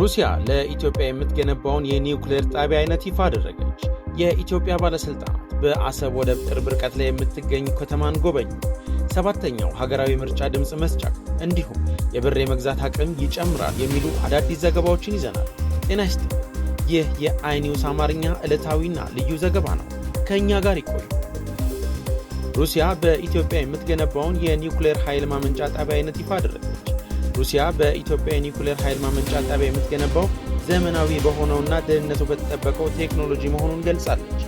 ሩሲያ ለኢትዮጵያ የምትገነባውን የኒውክሌር ጣቢያ አይነት ይፋ አደረገች። የኢትዮጵያ ባለሥልጣናት በአሰብ ወደብ ቅርብ ርቀት ላይ የምትገኝ ከተማን ጎበኙ። ሰባተኛው ሀገራዊ ምርጫ ድምፅ መስጫ እንዲሁም የብር የመግዛት አቅም ይጨምራል የሚሉ አዳዲስ ዘገባዎችን ይዘናል። ጤና ይስጥ። ይህ የአይኒውስ አማርኛ ዕለታዊና ልዩ ዘገባ ነው። ከእኛ ጋር ይቆዩ። ሩሲያ በኢትዮጵያ የምትገነባውን የኒውክሌር ኃይል ማመንጫ ጣቢያ አይነት ይፋ አደረገች። ሩሲያ በኢትዮጵያ የኒኩሌር ኃይል ማመንጫ ጣቢያ የምትገነባው ዘመናዊ በሆነውና ደህንነቱ በተጠበቀው ቴክኖሎጂ መሆኑን ገልጻለች።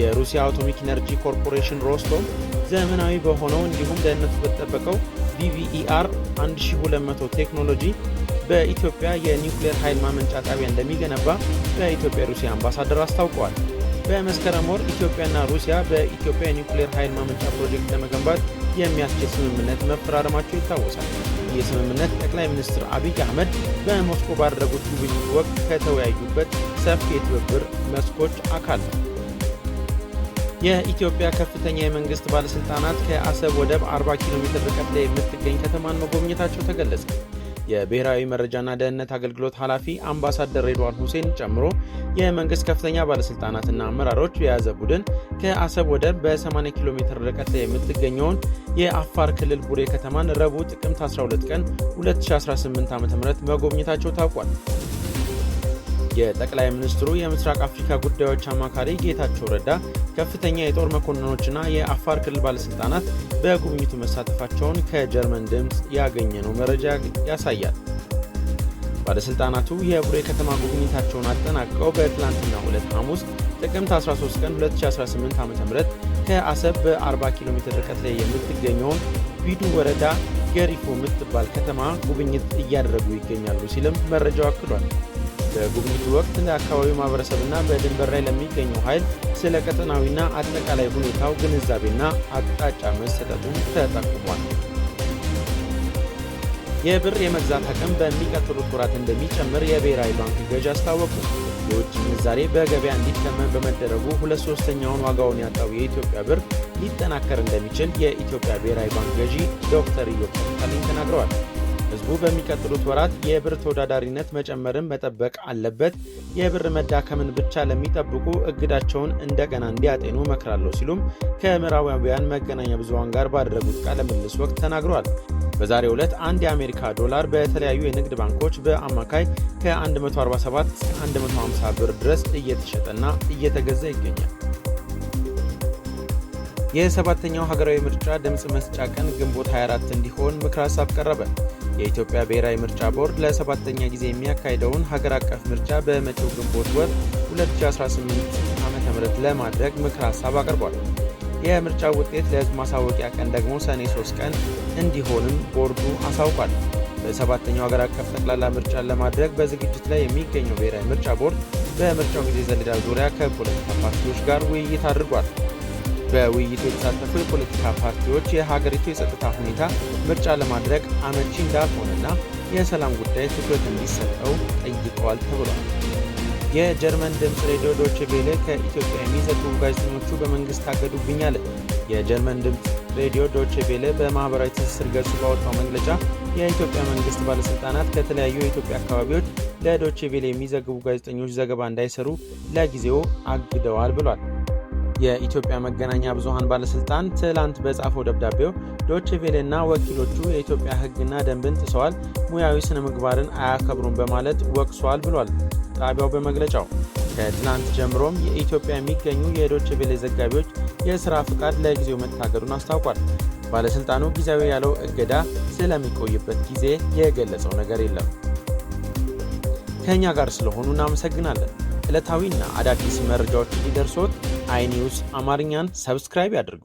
የሩሲያ አቶሚክ ኢነርጂ ኮርፖሬሽን ሮስቶም ዘመናዊ በሆነው እንዲሁም ደህንነቱ በተጠበቀው ቪቪኢአር 1200 ቴክኖሎጂ በኢትዮጵያ የኒውክሌር ኃይል ማመንጫ ጣቢያ እንደሚገነባ በኢትዮጵያ ሩሲያ አምባሳደር አስታውቀዋል። በመስከረም ወር ኢትዮጵያና ሩሲያ በኢትዮጵያ የኒውክሌር ኃይል ማመንጫ ፕሮጀክት ለመገንባት የሚያስችል ስምምነት መፈራረማቸው ይታወሳል። ይህ ስምምነት ጠቅላይ ሚኒስትር አብይ አህመድ በሞስኮ ባደረጉት ጉብኝት ወቅት ከተወያዩበት ሰፊ የትብብር መስኮች አካል ነው። የኢትዮጵያ ከፍተኛ የመንግስት ባለሥልጣናት ከአሰብ ወደብ 40 ኪሎ ሜትር ርቀት ላይ የምትገኝ ከተማን መጎብኘታቸው ተገለጸ። የብሔራዊ መረጃና ደህንነት አገልግሎት ኃላፊ አምባሳደር ሬድዋን ሁሴን ጨምሮ የመንግስት ከፍተኛ ባለስልጣናትና አመራሮች የያዘ ቡድን ከአሰብ ወደብ በ80 ኪሎ ሜትር ርቀት ላይ የምትገኘውን የአፋር ክልል ቡሬ ከተማን ረቡዕ ጥቅምት 12 ቀን 2018 ዓ ም መጎብኘታቸው ታውቋል። የጠቅላይ ሚኒስትሩ የምስራቅ አፍሪካ ጉዳዮች አማካሪ ጌታቸው ረዳ ከፍተኛ የጦር መኮንኖችና የአፋር ክልል ባለስልጣናት በጉብኝቱ መሳተፋቸውን ከጀርመን ድምፅ ያገኘነው መረጃ ያሳያል። ባለስልጣናቱ የቡሬ ከተማ ጉብኝታቸውን አጠናቅቀው በትላንትና ሁለት ሐሙስ ጥቅምት 13 ቀን 2018 ዓ ም ከአሰብ በ40 ኪሎ ሜትር ርቀት ላይ የምትገኘውን ቢዱ ወረዳ ገሪፎ የምትባል ከተማ ጉብኝት እያደረጉ ይገኛሉ ሲልም መረጃው አክሏል። በጉብኝቱ ወቅት ለአካባቢው ማህበረሰብና በድንበር ላይ ለሚገኘው ኃይል ስለ ቀጠናዊና አጠቃላይ ሁኔታው ግንዛቤና አቅጣጫ መሰጠቱን ተጠቁሟል። የብር የመግዛት አቅም በሚቀጥሉት ወራት እንደሚጨምር የብሔራዊ ባንክ ገዥ አስታወቁ። የውጭ ምንዛሬ በገበያ እንዲተመን በመደረጉ ሁለት ሶስተኛውን ዋጋውን ያጣው የኢትዮጵያ ብር ሊጠናከር እንደሚችል የኢትዮጵያ ብሔራዊ ባንክ ገዢ ዶክተር ኢዮብ ተካልኝ ተናግረዋል። በሚቀጥሉት ወራት የብር ተወዳዳሪነት መጨመርን መጠበቅ አለበት። የብር መዳከምን ብቻ ለሚጠብቁ እግዳቸውን እንደገና እንዲያጤኑ መክራለሁ ሲሉም ከምዕራባውያን መገናኛ ብዙኃን ጋር ባደረጉት ቃለ ምልልስ ወቅት ተናግሯል። በዛሬው ዕለት አንድ የአሜሪካ ዶላር በተለያዩ የንግድ ባንኮች በአማካይ ከ147 እስከ 150 ብር ድረስ እየተሸጠና እየተገዛ ይገኛል። የሰባተኛው ሀገራዊ ምርጫ ድምፅ መስጫ ቀን ግንቦት 24 እንዲሆን ምክር ሀሳብ ቀረበ። የኢትዮጵያ ብሔራዊ ምርጫ ቦርድ ለሰባተኛ ጊዜ የሚያካሂደውን ሀገር አቀፍ ምርጫ በመጪው ግንቦት ወር 2018 ዓ.ም ለማድረግ ምክር ሀሳብ አቅርቧል። የምርጫ ውጤት ለህዝብ ማሳወቂያ ቀን ደግሞ ሰኔ 3 ቀን እንዲሆንም ቦርዱ አሳውቋል። በሰባተኛው ሀገር አቀፍ ጠቅላላ ምርጫን ለማድረግ በዝግጅት ላይ የሚገኘው ብሔራዊ ምርጫ ቦርድ በምርጫው ጊዜ ሰሌዳ ዙሪያ ከፖለቲካ ፓርቲዎች ጋር ውይይት አድርጓል። በውይይቱ የተሳተፉ የፖለቲካ ፓርቲዎች የሀገሪቱ የጸጥታ ሁኔታ ምርጫ ለማድረግ አመቺ እንዳልሆነና የሰላም ጉዳይ ትኩረት እንዲሰጠው ጠይቀዋል ተብሏል። የጀርመን ድምፅ ሬዲዮ ዶች ቬሌ ከኢትዮጵያ የሚዘግቡ ጋዜጠኞቹ በመንግስት ታገዱብኝ አለ። የጀርመን ድምፅ ሬዲዮ ዶች ቬሌ በማኅበራዊ ትስስር ገጹ ባወጣው መግለጫ የኢትዮጵያ መንግስት ባለሥልጣናት ከተለያዩ የኢትዮጵያ አካባቢዎች ለዶች የሚዘግቡ ጋዜጠኞች ዘገባ እንዳይሰሩ ለጊዜው አግደዋል ብሏል። የኢትዮጵያ መገናኛ ብዙሀን ባለስልጣን ትላንት በጻፈው ደብዳቤው ዶችቬሌ ቬሌና ወኪሎቹ የኢትዮጵያ ሕግና ደንብን ጥሰዋል፣ ሙያዊ ስነ ምግባርን አያከብሩም በማለት ወቅሷል ብሏል ጣቢያው በመግለጫው። ከትላንት ጀምሮም የኢትዮጵያ የሚገኙ የዶችቬሌ ቬሌ ዘጋቢዎች የስራ ፍቃድ ለጊዜው መታገዱን አስታውቋል። ባለስልጣኑ ጊዜያዊ ያለው እገዳ ስለሚቆይበት ጊዜ የገለጸው ነገር የለም። ከእኛ ጋር ስለሆኑ እናመሰግናለን። ዕለታዊና አዳዲስ መረጃዎች ሊደርሶት አይኒውስ አማርኛን ሰብስክራይብ ያድርጉ።